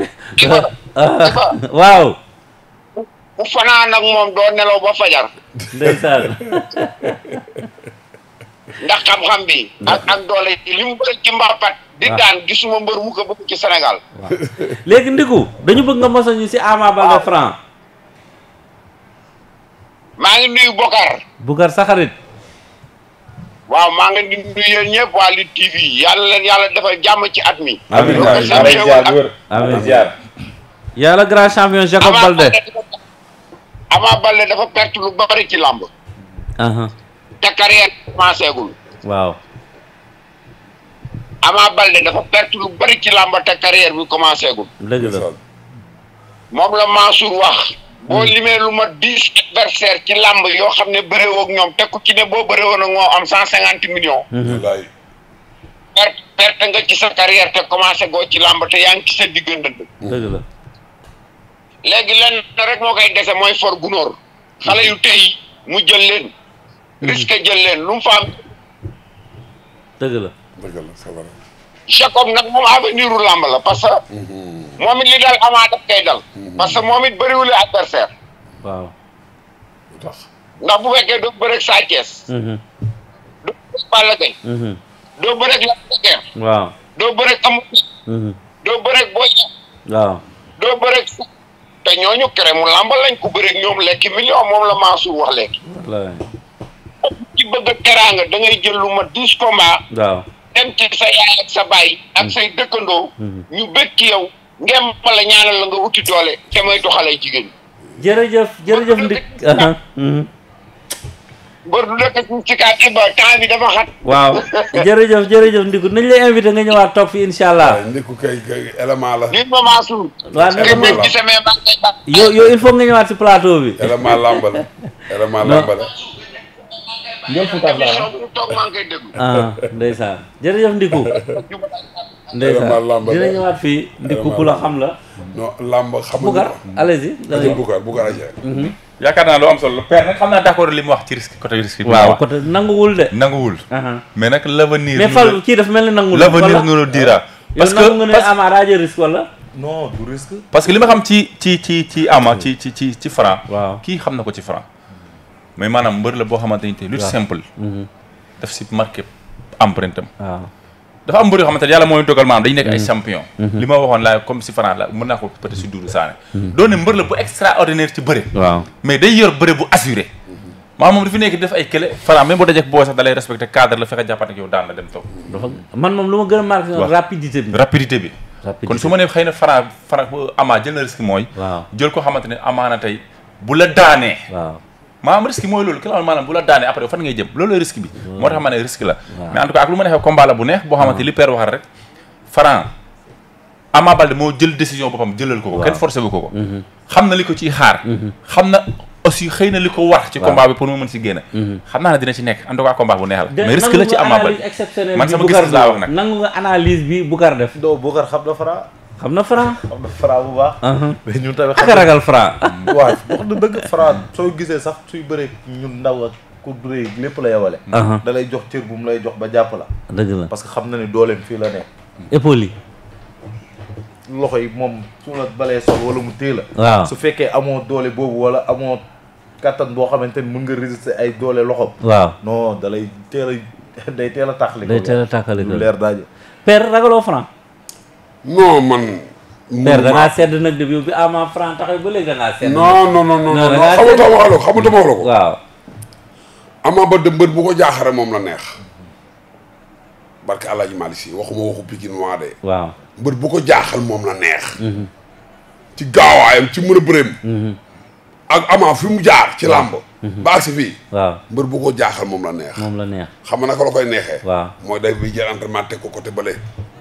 waaw. bu fanaan ak moom doo nelaw ba fajar. ndax xam-xam bi. ak ak doole li mu bëgg ci mbàppat. di daan gisuma mbër mu ko ci senegal léegi ndiku dañu bëgg nga mosa ñu si Ama Baldé Franc. maa ngi nuyu Bokar. Bokar sa xarit. waaw maa ngi leen di ñëpp waa Lutte TV yàlla leen yàlla dafa jàmm ci at mi. amiin amiin ziar yàlla grand champion Jacob Balde. Ama Balde dafa perte lu bari ci làmb. Uh-huh. te carrière commencé gul. waaw. Ama Balde dafa perte lu bari ci làmb te carrière bi commencé gul. dëgg moom la Mansour wax. boo limee lu mat dix adversaire ci làmb yoo xam ne bëree ñoom te ku ci ne boo bëree woon ak moom am cent cinquante millions. Mhm. wallaay. perte nga ci sa carrière te commencé goo ci làmb te yaa ngi ci sa diggante. dëgg la. léegi lenn rek moo koy dese mooy for gunóor. xale yu tey mu jël leen. Mhm. risque jël leen lum fa am. la. dëgg la Jacob nag moom avenir u làmb la parce que. Mhm. moom it li dal Ama daf koy dal. Mhm. parce que moom it bëriwul adversaire. ndax bu fekkee doo bëreeg Sa Thiès. Mhm. doo bëreeg Balla doo bëreeg Lac de Guiers. waaw doo bëreeg Ama. waaw doo bëreeg te ñooñu kere mu làmb lañ ku bëreeg ñoom lekki million moom la Mansour wax léegi. wallaay. bëgg teraanga da ngay jël lu dem ci sa yaay ak sa baay ak mm. say dëkkandoo. Mm-hmm. ñu bëgg ci yow ngeen ma la ñaanal la nga wuti doole te may doxalee jigéen jërëjëf jërëjëf Ndik. góor mm-hmm. du dëkk ci kàddu gi bi dafa xat. waaw jërëjëf jërëjëf Ndiku nañ lay invité nga ñëwaat toog fi incha allah. Ndiku kay kay la. nit il faut nga ñëwaat si plateau bi. élément lamba la élément Ndiol Fouta Fall ah ah ndeysaan jërëjëf Ndiku. ndeysaan dina ñëwaat fii Ndiku ku la xam la. non làmb xamuñu ko Boucar allez mhm. yaakaar naa lu am solo père nag xam naa d'accord li mu wax ci risque côté risque. waaw côté nanguwul de. nanguwul. Uh-huh. mais nag l'avenir. mais Fall kii dafa mel ni nanguwul. voilà l'avenir nous le dira. parce que yow nga ne Ama daa jël risque wala. non du parce que li ma xam ci ci ci ci Ama ci ci ci ci Franc. waaw kii xam na ko ci Franc. mais maanaam mbër la boo xamante ni tey lutte simple. Mhm. daf si marqué empreinte am. waaw ah. dafa am mbër yoo xamante yàlla mooy dogal maanaam dañu nekk ay mhm. champion. Mhm. li ma waxoon laa comme si fanaan la ko peut-être si Doudou Sané. doone mbër la bu extraordinaire ci bëre. waaw mais day yor bëre bu assuré. maa moom dafa nekk def ay kële Franc même boo dajee boo sax da lay respecté cadre la fexe jàppante ak yow daan la dem toog. man moom lu ma gën a marqué rapidité bi. rapidité bi. kon su ma nee xëy na Franc Franc amaa jël na risque mooy. jël ko xamante ne amaana tey bu la daanee. maanaam risque mooy loolu ki la maanaam bu la daanee après fan ngay jëm loolu risque bi moo tax ma ne risque la mais jël ko ko kenn forcé ko ko mm-hmm. xam na li ko ciy xaar mm-hmm. xam na aussi xëy li ko war ci combat bi pour mu mën si génn mm-hmm. xam naa ne dina ci nekk en tout cas bu neex la mais risque la ci Ama man sama gis laa wax nag nangu nga analyse bi Boucar def doo Boucar xam na Franc xam na Franc. xam bu baax. mais ñu tamit xam nga ragal Franc. dëgg Franc soo gisee sax suy bëree ñun ndaw ak lépp la yawale. da lay jox cër bu mu lay jox ba jàpp la. parce que xam na ni dooleem fii la nekk. épaule yi. loxo yi moom su la balee wala mu téye la. su fekkee amoo doole boobu wala amoo kattan boo xamante ni mën nga résister ay doole loxo. waaw non da lay day teel a tàqali. day teel a tàqali lu leer daaje. père ragaloo Franc. non man. père sedd nag bi Ama Franc ba léegi da ngaa sedd. non non non non non xamutuma bu ko jaaxare moom la neex. barke El Hadj Malick si waxuma waxu bu ko jaaxal moom la neex. Mhm. ci ci mën a mhm. fi mu jaar ci làmb. Mhm. ba agsi fii. waaw bu ko jaaxal moom la neex. la xam nga naka la koy neexee. waaw mooy day bi jël entraînement teg ko côté bële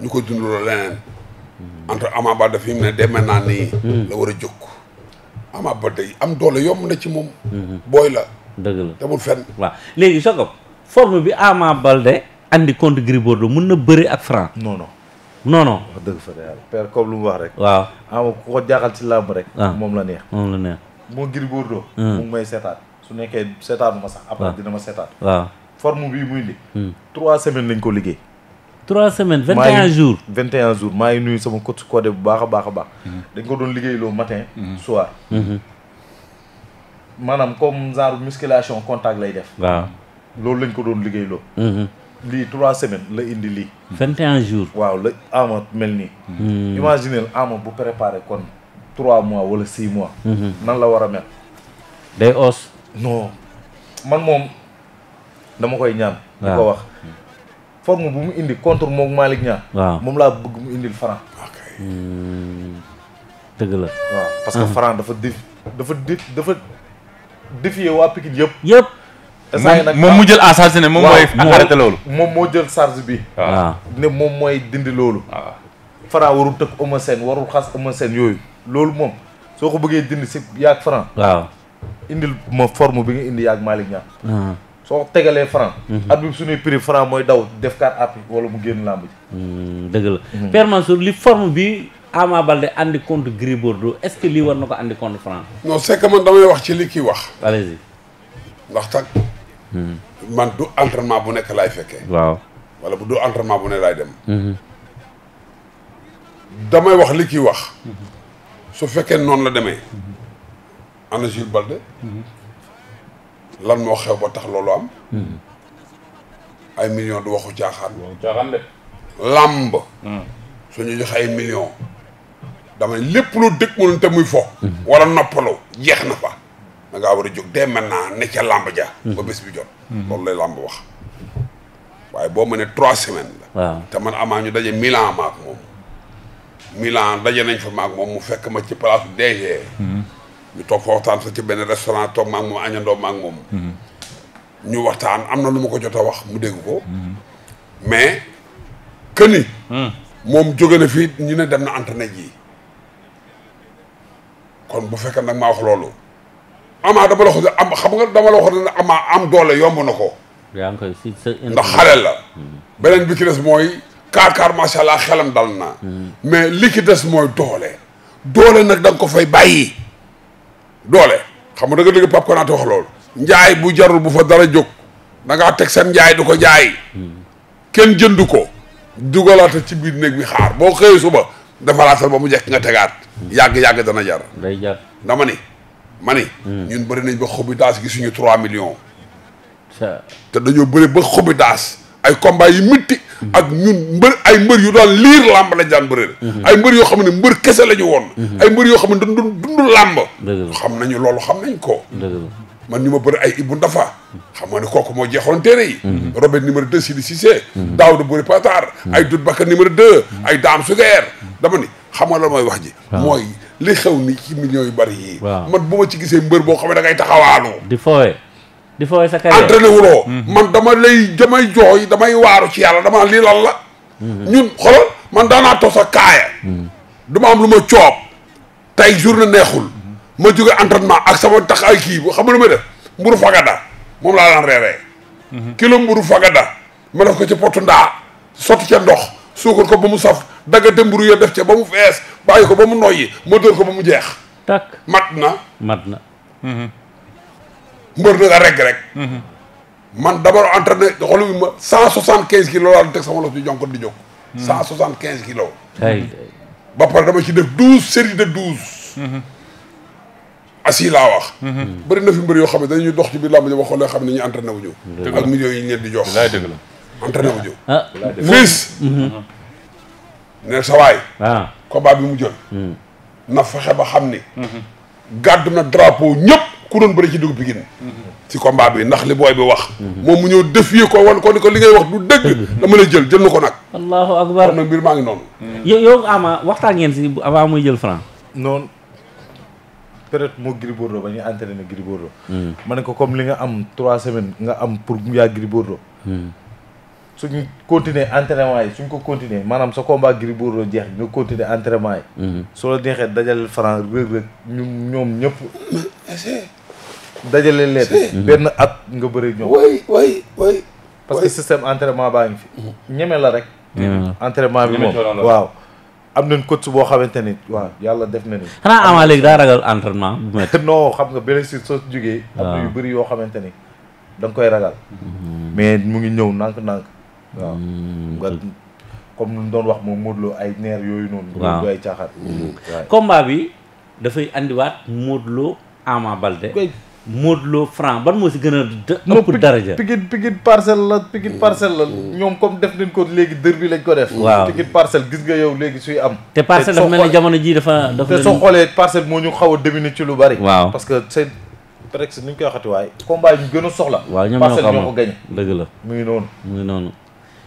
ñu koy dundaloo leneen. entre Ama Baldé fi mu ne demee naa nii. Hmm. la war a jóg. Ama Baldé am doole yomb na ci moom. Hmm. booy la. dëgg la demul fenn. waa léegi Jacob forme bi Ama Baldé andi contre Gris Bordeaux mun na bëri ak Franc. non non. non non. wax dëgg fa de yàlla père comme lu mu wax rek. waaw Ama ku ko jaaxal ci làmb rek. Ah. moom la neex. moom la neex. moo Gris Bordeaux. Hmm. mu ngi may seetaat su nekkee seetaat ma sax. après ah. dina ma seetaat. waaw forme bii muy li. trois semaine lañ ko liggéey. trois semaines vingt et un jours vingt et un jours maa ngi nuyu sama coach Codé bu baax a baax a baax mhm. dañ ko doon liggéeyloo matin mhm. soir mhm. maanaam comme genre musculation contact lay def waaw loolu lañ ko doon liggéeyloo lii trois semaines la indi lii vingt et un jours waaw la ama mel nii imaginez ama bu préparé kon trois mois wala six mois nan la war a mel day os non man moom dama koy ñaan di ko wax forme bu mu indi contre moom Malick Niang. waaw moom laa bëgg mu indil Franc. tëgg hmm. la. waaw parce que Franc dafa def dafa def dafa défier waa Pikine yëpp. yëpp. moom mu jël en charge ne moom mooy. moom moo jël charge bi. ne moom mooy dindi loolu. waaw Franc warul tëkk Eumeu Sène warul xas Eumeu Sène yooyu. loolu moom soo ko bëggee dindi si yaag Franc. waaw indil ma forme bi nga indi yaag Malick Niang. Ah. soo tegalee franc. Mhm. at bi suñuy prix franc mooy daw def kaat app wala bu génn làmb ji. Hmm, dëgg la. Mhm. Père li forme bi Ama Baldé ànd contre Gris Bordeaux est-ce que lii war na ko andi contre franc. non c'est man damay wax ci li kii wax. allez-y. ndax tak hmm. man du entraînement bu nekk laay fekkee. waaw wala bu du entraînement bu ne laay dem. Hmm. damay wax li kii wax. su fekkee noonu la demee. ana Jules Baldé. lan moo xew ba tax loolu am. Hmm. ay millions du waxu caaxaan. waxu caaxaan làmb. Hmm. su ñu joxe ay millions. dama lépp lu dëkk mënul te muy fo. Hmm. wala noppaloo jeex na fa. da ngaa war a jóg dès maintenant ne làmb ja. ba bés bi jot. loolu lay làmb wax. waaye boo ma ne trois semaines la. waaw te man amaa ñu daje Milan ma ak moom. Milan daje nañ fa ma ak moom mu fekk ma ci place DG. ñu toog fa waxtaan sax ci benn restaurant toog ma ak moom añandoo ma ak moom. ñu waxtaan am na lu ma ko jot a wax mu dégg ko. mais que ni. moom jóge na fii ñu ne dem na entraîné ji kon bu fekkee nag maa wax loolu. amaa dama la ko am xam nga dama la ko amaa am doole yomb na ko. yaa ngi koy ndax xale la. Hmm. beneen bi ki des mooy. kaakaar macha allah xelam dal na. Hmm. mais li ki des mooy doole. doole nag da ko fay bàyyi. doole xam nga dëgg-dëgg Pape Konaté wax loolu. njaay bu jarul bu fa dara jóg da ngaa teg seen njaay du ko jaay. kenn jënd ko. dugalaata ci biir néeg bi xaar boo xëyee suba defaraatal ba mu jekk nga tegaat. yàgg yàgg dana jar. day jar dama ni ma ni. Hmm. ñun bari nañ ba xobi daas gi suñu 3 millions. te dañoo bëri ba xobi daas ay combat yi mitti ak ñun mbër ay mbër yu doon liir làmb lañ daan bëreel mhm. ay mbër yoo xam ne mbër kese la ñu woon mhm. ay mbër yoo xam ne dund dund làmb xam nañu loolu xam nañ ko man ñu ma bëri ay Ibou Ndafa xam nga ne kooku moo jeexoon téere yi mhm. Robert numéro deux Sidi Cissé Daouda Boury Patar ay Doudou Bakka numéro deux ay Dame Sugeer dama ni xam nga la mooy wax ji mooy li xew ni ci millions yu bari yi man bu ma ci gisee mbër boo xam ne da ngay taxawaalu di fooye di fooy sa carrière entraîné wuloo mhm. man dama lay damay jooy damay waaru ci yàlla dama lii lan la mhm. ñun xoolal man daanaa tos a kaaya mhm. du ma am lu ma coob tey journée neexul ma jóge entraînement ak sama tax ay kii xam nga lu may def mburu fagada moom laa daan reeree kilo mburu fagada ma def ko ci potu ndaa sotti ca ndox suukar ko ba mu saf daggate mburu yo def ca ba mu fees bàyyi ko ba mu noyyi ma dóor ko ba mu jeex takk mat na mat na mbër da nga regg rek. man d' abord entraîné xoolu bi ma cent soixante quinze kilos laa doon teg sama loxo ci jonkon di jóg. cent soixante quinze kilos. ba pare dama ci def douze série de douze. assis laa wax. bëri na fi mbër yoo xam ne dañuy dox ci biir làmb ji waxoo xam ne ñu entraîné wu ñu. ak millions yi ñu leen di jox. dëgg ah. ah. bi mu jël. Hmm. na fexe ba xam ni. gàdd na drapeau ñëpp. ku doon bëri ci dugub bi Guinée ci combat bi ndax li booy bi wax moom mu ñëw défier ko wan ko ni ko li ngay wax du dëgg dama lay jël jël na ko nag allahu akbar kon nag mbir maa ngi noonu yow yow waxtaan ngeen si avant muy jël franc noonu peut-être moo Gris Bordeaux ba ñu entraîné Gris Bordeaux hmm. ma ne ko comme li nga am trois semaines nga am pour yaa Gris Bordeaux hmm. suñu continuer entraînement yi suñ ko continuer maanaam sa combaa Gris Bordeaux jeex ñu continuer entraînement yi hmm. soo la neexee dajal franc ñu ñoom ñëpp dajale leen. Mm-hmm. benn at nga bëri ñoom. way way parce que système entraînement baa ngi fi. Mm-hmm. ñeme la rek. entraînement bi moom waaw. am nañ coach boo xamante ni waaw yàlla def na ni. xanaa amaa léegi daa ragal entraînement. non xam nga benn si soo jógee. am na yu bëri yoo xamante ni da nga koy ragal. Mm-hmm. mais mu ngi ñëw nank nànk comme lu doon wax moom Modou Lo ay neer yooyu noonu. waaw du ay bi dafay indiwaat Modou Lo Ama Balde. Modou Lo Franc ban moo si gën a ëpp daraja Pikine Pikine parcelle la Pikine parcelle la mm. ñoom comme def nañ ko léegi dër bi lañ ko def waaw Pikine gis nga yow léegi suy am te parcelle dafa mel ni jamono ji dafa dafa xoolee parcelle moo ñu xaw a dominer ci lu bari waaw parce que c'est presque ni ñu koy waxati waaye combat yi ñu gën a soxla waaw ñoom parcelle ñoo la mu ngi noonu mu ngi noonu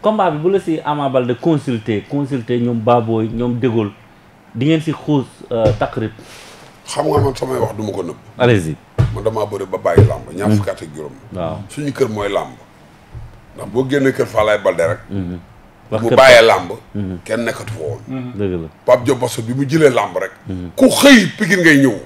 combat bi bu la si Ama Baldé consulter consulter ñoom Baboy ñoom Dégol di ngeen si xuus euh, taqrib xam nga man samay wax du ma ko nëbb allez-y man damaa bëri ba bàyyi làmb ñaar fukki ak juróom suñu kër mooy làmb ndax boo génnee kër Falaye Balde rek mhm. mu bàyyee làmb mhm. kenn nekkatu fa woon mhm. dëgg la Pape Diop bi mu jëlee làmb rek ku xëy Pikine ngay ñëw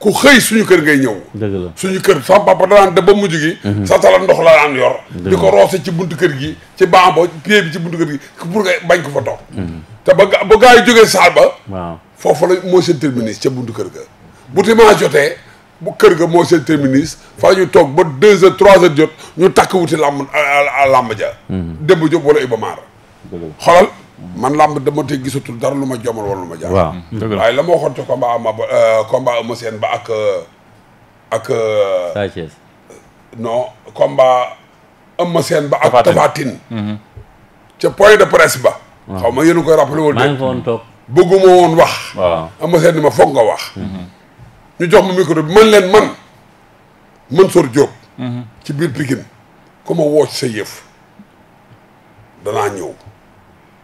ku xëy suñu kër ngay ñëw dëgg la suñu kër sama papa danaan da ba mujj gi sa tala ndox la daan yor di ko roose ci buntu kër gi ci bambo pied bi ci buntu kër gi pour nga bañ ko fa toog te ba ba gars yi jógee saal ba waaw foofu la moo seen terminus ca buntu kër ga bu timaa jotee bu kër ga moo seen terminus fa ñu toog ba deux heures trois heures jot ñu takk wuti làmb làmb ja hmm. démb Jóob wala Iba Maar xoolal man làmb dama te gisatul dara lu ma jomal wala lu ma jaar hmm. waaye la ma waxoon te combat ama ba euh, combat ama seen ba ak euh, ak euh, non combat seen ba ak tafatin hmm. ca point de presse ba xaw ma yéen a koy rappelé wala déet woon bëgguma woon wax ama seen ni ma foog nga wax ñu jox ma micro bi mën leen man Mansour Diop mhm. ci biir Pikine ku ma woo ci sa yëf danaa ñëw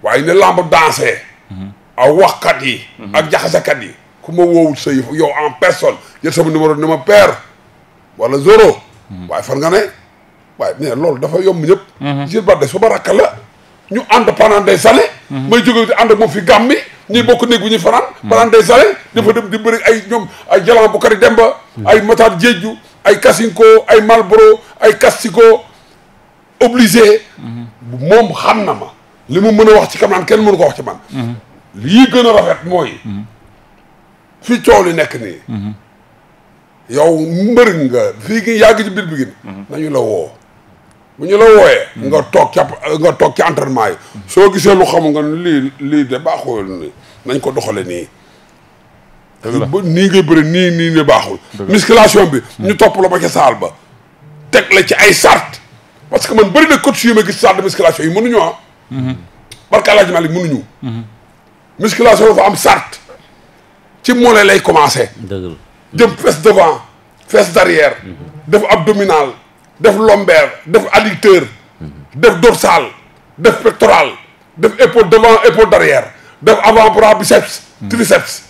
waaye ne lamb dansé mhm. ak waxkat yi mhm. ak jaxasekat yi ku ma woowul sa yow en personne jël sama numéro ni ma père walla zéro waaye fan nga ne waaye mais loolu dafa yomb ñëpp jir barde su ma rakka la ñu ànd pendant des années may jóge di ànd fi Gàmbi ñuy bokk néeg bu ñuy fanaan mm. fanaan day sale dafa dem di bëri ay ñoom ay jalan bu kari demba mm. ay mataar jeeju ay kasinko ay malboro ay kastiko obligé mm-hmm. moom xam na ma li mu mën a wax ci Camara kenn mënu ko wax ci man mm-hmm. lii gën a rafet mooy mm-hmm. fi coow li nekk nii yow mbër nga fii ngi yàgg ci biir bi nañu la woo bu ñu la wooyee. nga toog ca nga toog ci entraînement soo gisee lu xam nga lii lii de baaxul nii nañ ko doxale nii. nii ngay bëri nii nii ne baaxul. musculation bi. Hmm. ñu topp la ba ca saal ba. teg la ci ay sart parce que man bëri na coach yu ma gis sart de musculation yi mënuñu ah. Hmm. barka El Hadj mu mënuñu. Hmm. musculation dafa am sart. ci mollet lay commencé. dëgg la jëm fesse devant fesse derrière. def abdominal. def lombaire def adducteur def dorsal def pectoral def épaule devant épaule derrière def avant-bras biceps triceps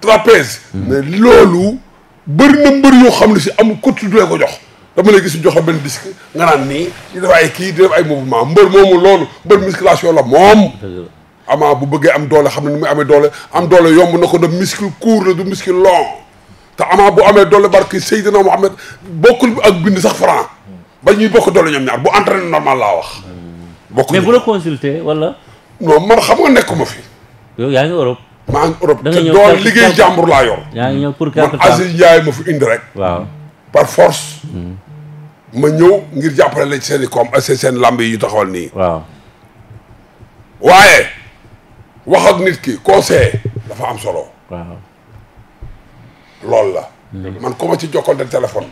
trapèze mais loolu bëri na mbër yoo xam ni si amul continué ko jox dama lay gis jox la benn disque nga naan nii di def ay kii di def ay mouvement mbër moomu loolu mbër musculation la moom amaa bu bëggee am doole xam ne ni muy amee doole am doole yomb na ko na muscle court la du muscle long te Ama bu amee doole barki Seydina Mohamed bokkul ak bind sax franc ba ñuy bokk doole ñoom ñaar bu entraîné normal laa wax. bokk mais bu la consulter wala. non man xam nga nekkuma fi. yow yaa ngi Europe. maa ngi Europe te doon liggéey jàmbur laa ngi ñëw pour quelque temps man Aziz Ndiaye ma fi rek. par force. Hmm. ma ñëw ngir jàppale la seeni i koom seen lamb yi ñu taxawal nii. waaw. waaye wax ak nit ki conseil dafa am solo. yàlla man ko ma ci jokkoonte téléphone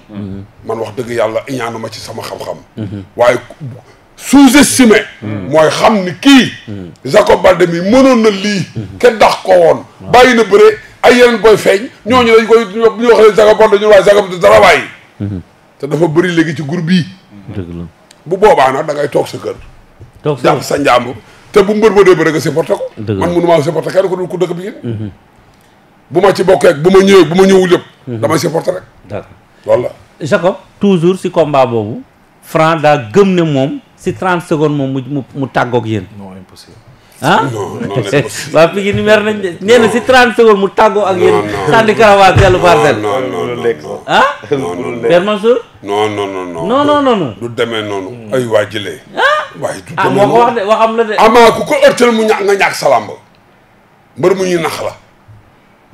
man wax dëgg yàlla iñaanu ma ci sama xam-xam waaye sous-estimé mooy xam ni kii Jacob Baldé mi mënoon na lii kenn dax ko woon bàyyi na bëre ay yeneen booy feeñ ñooñu ñu koy bu ñu waxee Jacob Baldé ñun waaye Jacob di dara waay te dafa bëri léegi ci groupe yi bu boobaa nag da ngay toog sa kër toog sa jàpp sa te bu mbër ba dee bëre nga supporté ko man mënumaa supporté kenn ko dul ku dëkk bi bu ma ci bokkee bu ma ñëwee bu ma ñëwul yëpp. Mhm. damay supporter rek. d'accord loolu la. Jacob toujours si combat boobu. Franc daa gëm ne moom si 30 secondes moom mu mu tàggoog yéen. non impossible. ah nañ de nee si 30 secondes mu tàggoo ak yéen sànni karawaas dellu parcelle ah Père Mansour non non non non non non non non du demee noonu hmm. ay waa jëlee ah waaye du ah, demee moo ko wax de waxam la de amaa ku ko ërtal mu ñàkk nga ñàkk sa làmb mbër mu ñuy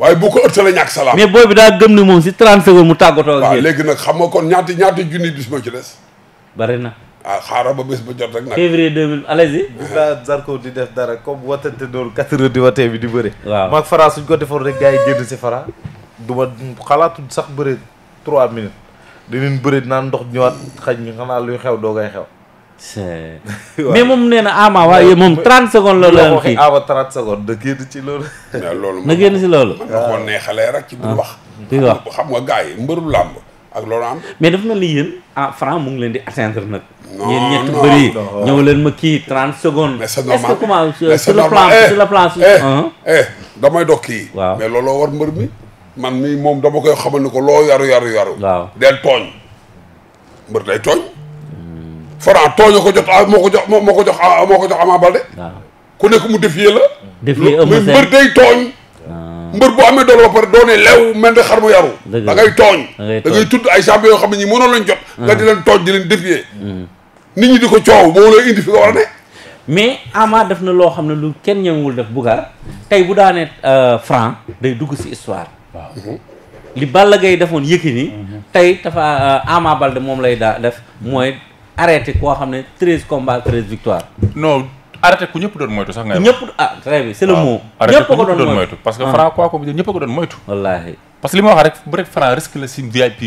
waaye bu ko ëttalee ñàkk salaam. mais booy bi daa gëm ni moom si 30 mu tàggatoo ak. waaw léegi nag xam nga kon ñaati ñaati junni bis moo ci des. bari na. ah xaaral ba bés ba jot rek nag. février 2000 allez-y. gis naa Zarko di def dara comme watante doon 4 heures du matin bi di bëri waaw maag Fara suñ ko defoon rek gars yi génn si Fara. du ma xalaatul sax bëre 3 minutes. dinañ bëri naan ndox ñëwaat xaj mi xanaa luy xew doo ngay xew. mais moom nee na Ama waaye moom 30 secondes la la kii Ama 30 secondes da génn ci loolu. loolu na génn ci loolu. waaw man koo neexalee rek ci biir wax. di wax xam nga gars yi mbëru làmb ak loolu am. mais dafa mel ni yéen ah Franc mu ngi leen di atteindre nag. non yéen ñett bëri ñëw leen ma kii 30 secondes. mais c'est normal est-ce que comment sur le plan sur le plan. eh damay doog kii. waaw mais looloo war mbër mi. man mii moom dama koy xamal ni ko loo yaru yaru yaru. waaw del tooñ. mbër day tooñ. Franc tooña ko jot ah, moo ko jox moo ko jox ah, moo ko jox Ama Baldé ku nekk mu défier la défier Eumeu Sène mbër day tooñ ah. mbër bu amee doole ba pare doone leew mel ne xar mu yaru da ngay tooñ da ngay tudd ay champion yoo xam ne ñi mënoon lañ jot nga di leen tooñ leen défier mm. nit ñi di ko coow moo lay indi mais Ama def na loo xam ne lu kenn ñëwul def Bougar tey bu daanee euh, Franc day dugg si histoire waaw li Balla Gaye defoon Yékini mm-hmm. tey dafa euh, Ama Baldé moom lay daa def mooy arrêté koo xam ne treize combats treize victoires. non ku ñëpp doon moytu sax. ngay wax ñëpp ah très bien ñëpp ko doon moytu parce que Franc quoi ko ñëpp a ko doon moytu. wallaahi parce que li ma wax rek bu la si VIP